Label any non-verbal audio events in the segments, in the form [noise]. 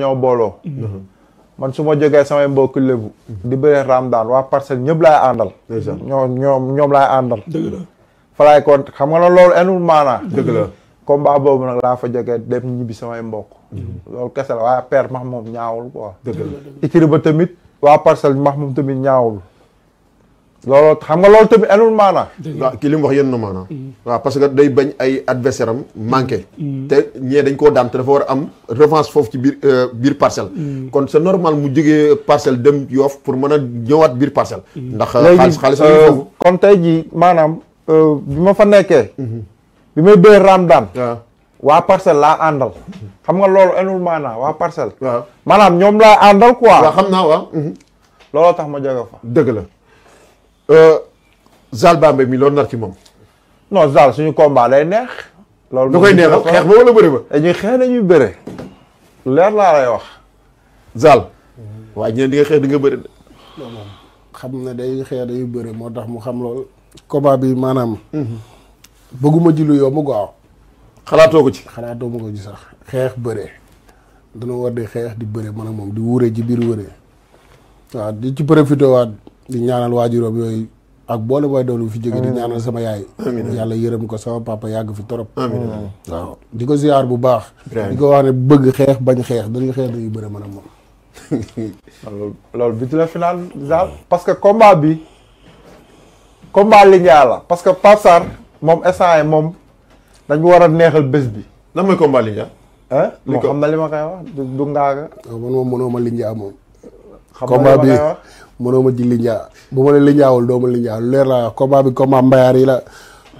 ñoo booloo man su ma jógee samay mbokk lébu di bëree Ramadan waa parcelle ñëpp laay àndal ñoo ñoom ñoom laay àndal dëgg la fa laay kon xam nga na loolu enul maanaa dëgg la combat boobu nag laa fa jógee dem ñibbi samay mbokk loolu kese la a père max moom ñaawul quoi dëgg ikiri ba tamit waa parcelle max moom tamit ñaawul lolo xam nga lolo tamit enul mana wa ki lim wax yenn na wa mm. parce que day bañ ay adversaire am manqué mm. té ñee dañ ko dam té dafa war am revanche fofu ci bir euh, bir parcel mm. kon c'est normal mu jógee parcel dem yof pour mëna ñëwaat bir parcel ndax xaliss xaliss euh, kon tay ji manam euh, bi ma fa nekké mm-hmm. bi may bëre raam wa parcel la andal xam nga lolo enul mana wa parcel manam ñom la andal quoi waaw xam naa mm-hmm. tax ma jóge fa deug la saal euh, Zal Bambey mi loolu nar ci moom. non saal suñu combat day neex. loolu moom da koy neexal xeex ba wala bëre ba. dañuy eh, xeex dañuy bëre. laa lay wax. Zal. Mm-hmm. waaye ñeneen di nga xeex di xam na day xeex dañuy bëre moo tax mu xam lool combat bi maanaam. Mm-hmm. bëgguma ji lu yomb gaaw. xalaatoo ko ci. xalaatoo ma ko ci sax xeex bëre. dana war di xeex di bëre man ak moom di wuure ci biir wëree. waaw di ci profité waat. di ñaanal waajuróom yooyu ak boole booy doon fi jóge di ñaanal sama yaay yàlla yërëm ko sama papa yàgg fi torop waaw di ko ziar bu baax di ko wax ne bëgg xeex bañ xeex dañuy xeex dañuy bëre mën a moom [laughs] loolu bi tu la final daal parce que combat bi combat li la parce que Pape Sarr moom instant yi moom war a neexal bés bi lan mooy combat na ma koy ma li moom combat bi mënoo ma ji linjaa bu ma la linjaawul doo ma linjaawul leer la combat bi combat mbayaar yi la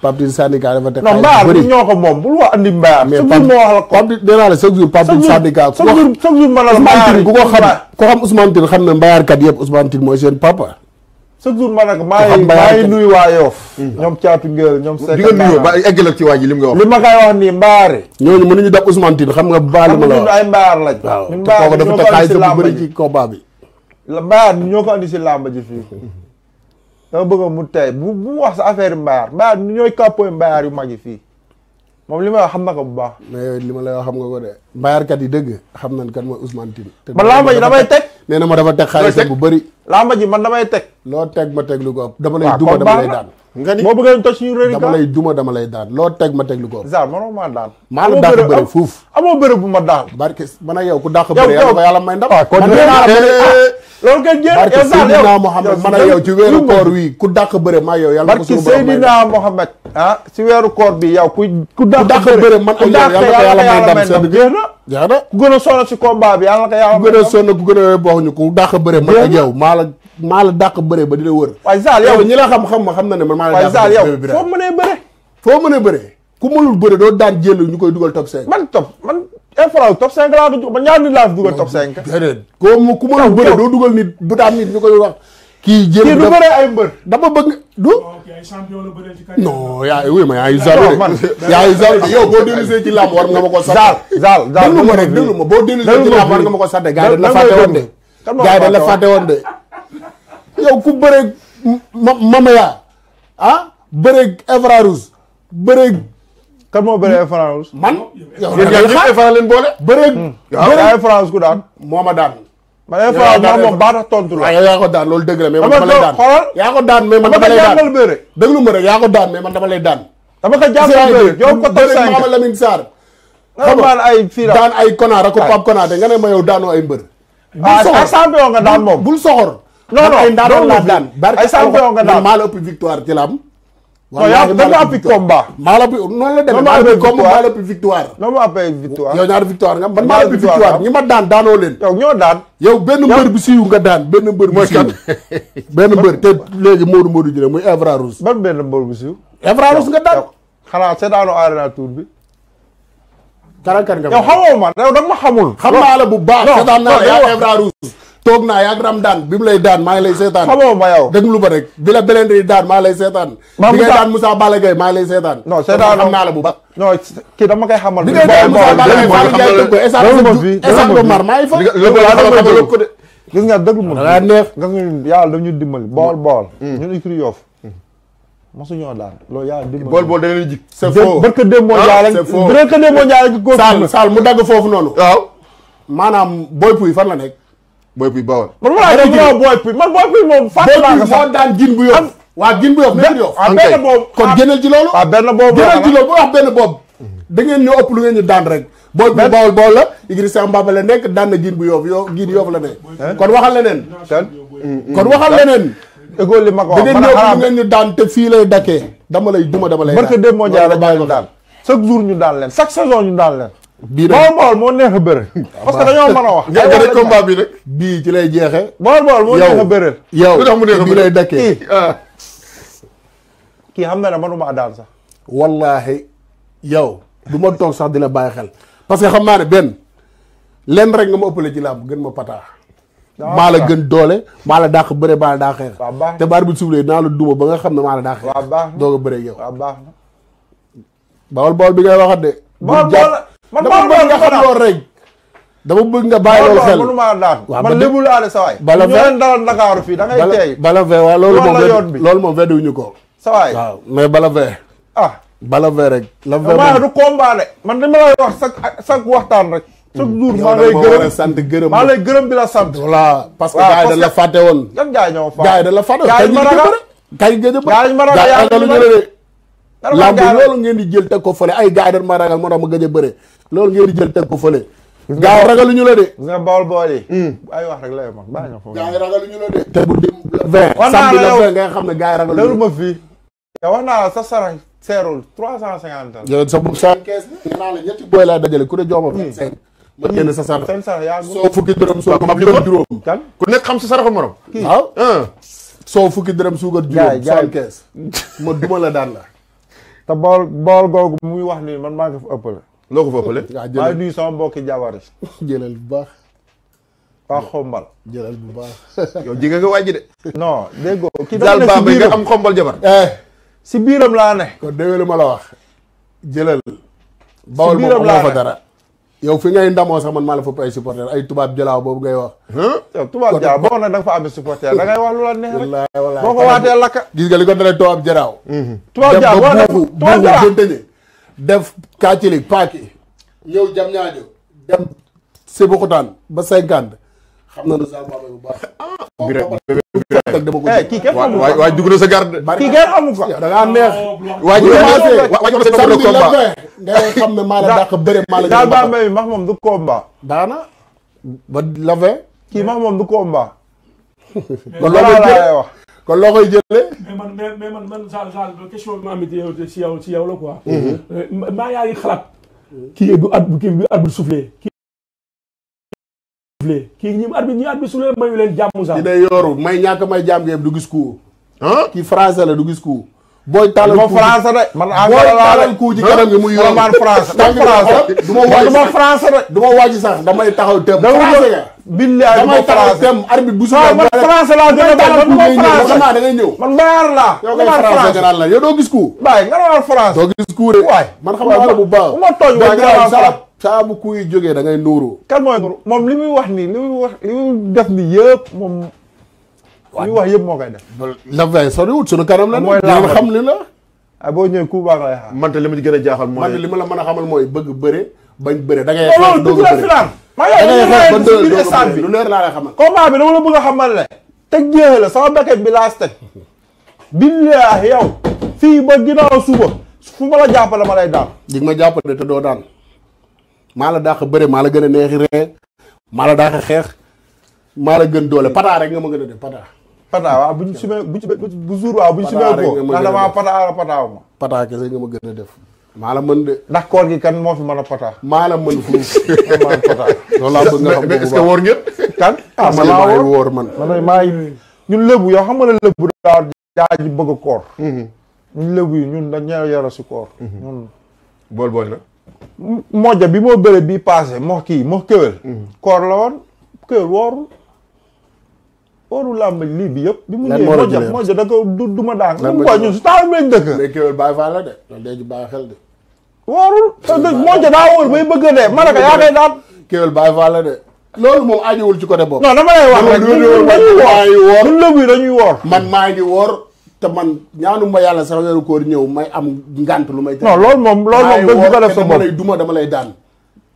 Paptine Sandika dafa teg. xaalis bu bëri non ñoo ko andi mbayaar. mais Paptine wax la ko Paptine nee la chaque jour Paptine Sandika. chaque jour chaque jour mën na ku ko xam ku xam Ousmane Tine xam ne mbayaarkat yëpp Ousmane Tine mooy seen papa. chaque jour man nag maa ngi maa ngi nuyu waa Yoff. Hmm. ñoom caatu di nga ba ci wax. dab Ousmane Tine xam nga la ay waaw bu ci combat bi mbaar ñoo ko andi si làmb ji fii dama bëgg mu tey bu bu wax sa affaire mbaar mbaar ñooy kàppooy mbaar yu mag yi fii moom li ma wax xam na ko bu baax. mais yooyu li ma lay wax xam nga ko de mbaarkat yi dëgg xam nañ kan mooy Ousmane Tine. te man ji damay teg. nee ma dafa teg xaalisam bu bëri. làmb ji man damay teg. loo teg ma teg lu ko ëpp. dama lay duma dama lay daan. nga ni moo bëggee toj suñu réer dama lay duma dama lay daan loo teg ma teg lu ko ëpp. zaa manoo maa daan. maa la dàq bëri fuuf amoo bëri bu ma daan. barke man ak yow ku dàq bëri yàlla may ndam. loolu nga jël yow sax yow Mohamed man ak yow ci weeru koor wi ku dàq bëre maa yow yàlla ko suñu borom ah, weeru koor bi yow ku ku dàq bëre man ak yow yàlla ko yàlla may ndam si combat bi yàlla ko yàlla ku gën a sonn ku gën ñu ku dàq bëre man ak yow maa maa la dàq bëre ba di la wër waaye Zal yow ñi la xam-xam ma xam na ne man maa la dàq Zal foo mënee bëre foo mënee bëre ku mënul bëre doo daan jël ñu koy dugal top 5 man top man infra top 5 laa du ñaar nit top 5. déedéet koo ku mën a bëre doo dugal nit bu daan nit ñu wax. kii jéem kii du bëree ay mbër. dama bëgg du. non yaa oui mais yaa yu zaal de yaa yu zaal de ci làmb war nga ma ko sax. zaal zaal zaal déglu ma rek déglu ma boo dellusee ci làmb war nga ma ko de. dañ la de. dañ la de. yow ku ah bëree Evra Rouge kan mo bëree France. man yow da nga xam yéen leen boole. bëree hmm. bëree France ku daan. moma daan. ma ay France maa moom baa tax tontu la. ya ko daan lol deug la mais man dama lay daan. ya ko daan mais man dama lay daan deug lu mo rek ya ko daan mais man dama lay daan. dama ko jàngal bëre yow ko toog sa Mama Lamine sar xam ay fira daan ay konaar ak Pape Konaté nga ne ma yow daanoo ay mbeur ah, bul champion nga daan moom bul soxor. non non ay daan la daan. ay champion nga daan barke la victoire ci lam waaw da nga appui combat. maa la noonu la demee. maa la combat maa la victoire. non ma appui victoire. yow ñaari victoire nga man maa la victoire ñi ma daan daanoo leen. yow ñoo daan. yow benn mbër bu siiw nga daan benn mbër bu siiw. [laughs] benn mbër te léegi Modou Modou jëlee muy Evra Rousse. ban benn mbër bu siiw. Evra Rousse nga daan. xanaa seetaanoo arena tour bi. kan kan nga yow xamoo ma yow da nga ma xamul. xam naa la bu baax. seetaan naa la yaa Evra Rousse toog naa yaag ram daan bi mu lay daan maa ngi lay seetaan xamoo ma yow déglu ba rek bi la beleen di daan maa ngi lay seetaan bi ngay daan Moussa Balla Gaye maa ngi lay seetaan non seetaan bu baax non kii dama koy xamal bi ngay daan Moussa Balla Gaye maa ngi lay tëgg esaan ko ko de gis da neex nga yàlla dañu dimbali mm. bool bool mm. ñun écrit Yoff mosu ñoo daan loolu yàlla dimbali bool bool da leen jik c'est faux barka dem moo jaay la barka saal mu dagg foofu noonu waaw maanaam boy puy fan la nekk booy puy bawal. man walaay booy puy man booy puy moom. fàttali bu kon ah. génneel ci loolu. Ah, benn boobu génneel ci loolu bu wax benn boobu. da ngeen daan rek. booy puy bawal bawal nekk daan na gin bu yof yoo gin yof la wax da ngeen ñu ëpp lu ngeen ñu daan te fii lay dakkee. dama lay duma dama lay daan barke démb moo jaay la bàyyi daan chaque jour ñu daan chaque saison ñu daan leen bii bool bool moo neex a bëre. [laughs] que dañoo a wax. nga gën bi nag. bii ci lay jeexee. bool bool moo neex a bëre. yow lu tax mu neex a bëre lay dakkee. Ah. kii xam na ne manuma daan sax. wallaahi yow du ma toog sax di la bàyyi xel parce que xam naa ne benn lenn rek nga ma ëppale ci làmb gën ma pataa. Ah, maa la gën doole maa la dàq bëre maa la dàq xeex. te baar bi suuf lee naa la duma ba nga xam ne maa la daax xeex. waaw baax a bëre yow. baax na. bawol bawol bi ngay waxat de. man dama bëgg nga xam loolu rek. dama bëgg nga bàyyi loolu xel mënuma daan man lébu laa de sawaay bala ñu leen dalal Ndakaaru fii da ngay teey bala vee loolu moom loolu moom weddiwuñu ko sawaay waaw mais bala vee ah bala vee rek la vee maa du combat de man li ma lay wax chaque chaque waxtaan rek hmm. chaque jour maa lay gërëm sant gërëm maa lay gërëm bi la sant voilà parce que gars yi dañ la fàtte woon yan gars yi ñoo fàtte gars yi dañ la fàtte woon gars yi ma ragal gars lamb loolu ngeen di jël teg ko fële ay gaay dañ ma ragal moo tax ma gëj a bëre loolu ngeen di jël teg ko fële gaaw ragalu ñu la de bool hmm. ay wax rek la yo mag baa nga foofu gaaw ragalu ñu te bu dem vingt samedi la vingt nga xam ne gaaw ragalu ñu la ma fii yow wax sa sarax seerul trois cent cinquante la yow sa bu cent quinze nga naa la ñetti booy laa dajale ku ne jooma vingt hmm. sa sarax seen sarax yaa soo fukki dërëm soo ma jëm juróom kan ku nekk xam sa saraxu morom waaw ah. soo fukki dërëm suugar juróom ma duma la daan la te bool bool googu muy wax nii man maa ngi fa ëppale. loo ko fa ëppale. waaw [laughs] jëlal maa nuyu sama mbokki jabar yi. [laughs] jëlal bu baax. waa xombal. jëlal bu baax. [laughs] yow jigéen nga waaj de. non déggoo. ki daal baax ba nga am xombal jabar. Eh. si biiram laa ne. kon déwélu ma la wax. jëlal. bawol moom amoo fa dara. yow fi ngay ndamoo sax man maa la fa ay supporter ay tubaab jalaaw boobu ngay wax. tubaab jalaaw boo xam ne da nga fa amee supporter da ngay wax lu la neex rek. wallaahi wallaahi boo ko waatee lakka. gis ba buufu def kàccili paaki. ñëw jam ñaajo dem Sébikotane ba cinquante. xam na ne saa bu baax. rek dama ko. Eh, kii kenn xamu ko waay waay dugg na sa garde. kii kenn xamu ko da ngaa neex. waay ñu commencé waay ñu commencé ngay xam ne maa la dàq bëre maa la. daal baa mbay max moom du combat. daana ba la vingt. kii max moom du combat. [laughs] kon loo koy jëlee wax kon loo koy jëlee. mais man mais man man Sall Sall question bi ma amit yow ci yow ci yow la quoi. Mhm. Euh, maa yaa ngi xalaat. kii du at kii du at bu soufflé. sifflé kii ñi arbitre ñi arbitre su leen mayu leen jàmm sax. di day yooru may ñàkk may jàmm ngeen du gis ku. ah la du gis ku. booy taalal ku français de. man anglais laa la ku ci kanam gi de. du ma sax nga billaay du ma français damay bu suba. Ah, man français a bañ da ngay ñëw. man mayaar laa. yow kay français nga naan la yow doo gis ku. waaye nga naan français. doo de. man xam nga bu baax. sa bu kuy joge da ngay nuuru. kan moy nuuru moom li wax ni limi wax limi def ni yeb mom waaw wax yeb mo koy def. la veille soriwut sunu karam la. da nga xam li la. ah bo ñëwee ku ba lay xam man te limi gëna jaaxal moy man limi la mëna xamal moy bëgg bëré bañ bëré da ngay. xeex doo ko bëre loolu dugg na bi lu leer laa lay xamal. combat bi dama la bëgg a xamal la. teg jeexal la sama béykat bi laa teg. billaah yow. fi ba ginaaw suba fu ma la jàppale ma lay daan. dig ma jàppale te do daan maa la daax a bëre maa la gën a neexi ree maa la daax a xeex maa la gën doole pata rek nga ma gën a def pata. pata waaw bu ñu sumee bu ñu bu jour waaw bu ñu sumee ko ndax damaa pata la pata ma. pata kese nga ma gën a def. maa la mën de. ndax koor gi kan moo fi mën a pata. maa la mën fuuf. [laughs] maa la pata. loolu laa bëgg nga xam est-ce que woor ngeen. kan ah man maa woor man maa ngi ñun lébu yow xam nga ne lébu daa daa bëgg koor. Mm-hmm. ñun lébu yi ñun dañu yara si koor. Mm-hmm. ñun bool bool la. moja bi moo bëre bi passé moo kii moo kéwél mm. koor la woon kéwél woorul wóorul làmb lii bi yëpp. bi mu ñëwee moo ja da ko du duma daan. lan moo ñun su taal daa wóor bay bëgg a dee. yaa koy daan. kéwél bàyyi faa la de. loolu moom ajiwul ci côté boobu. non dama lay wax rek dañuy woor dañuy man maa ngi woor. te man ñaanuma yàlla sax weeru koor ñëw may am ngant lu may. non loolu moom loolu moom bëgg ko def sa bopp dama lay daan.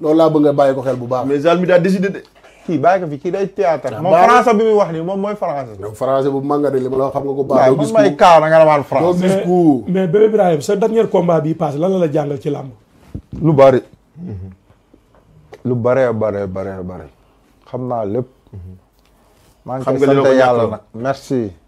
loolu laa bëgg nga bàyyi ko xel bu baax. mais Zalmi daa décidé de. kii bàyyi ko fi kii day théâtre. Ah, moom français bi muy wax nii moom mooy français. donc français bu manga na nga daan français. doo mais bébé Ibrahima sa dernier combat bii passé lan la lu bari. Mhm. lu baree baree baree baree. xam naa lépp. Mhm. maa ngi sa sant yàlla nag merci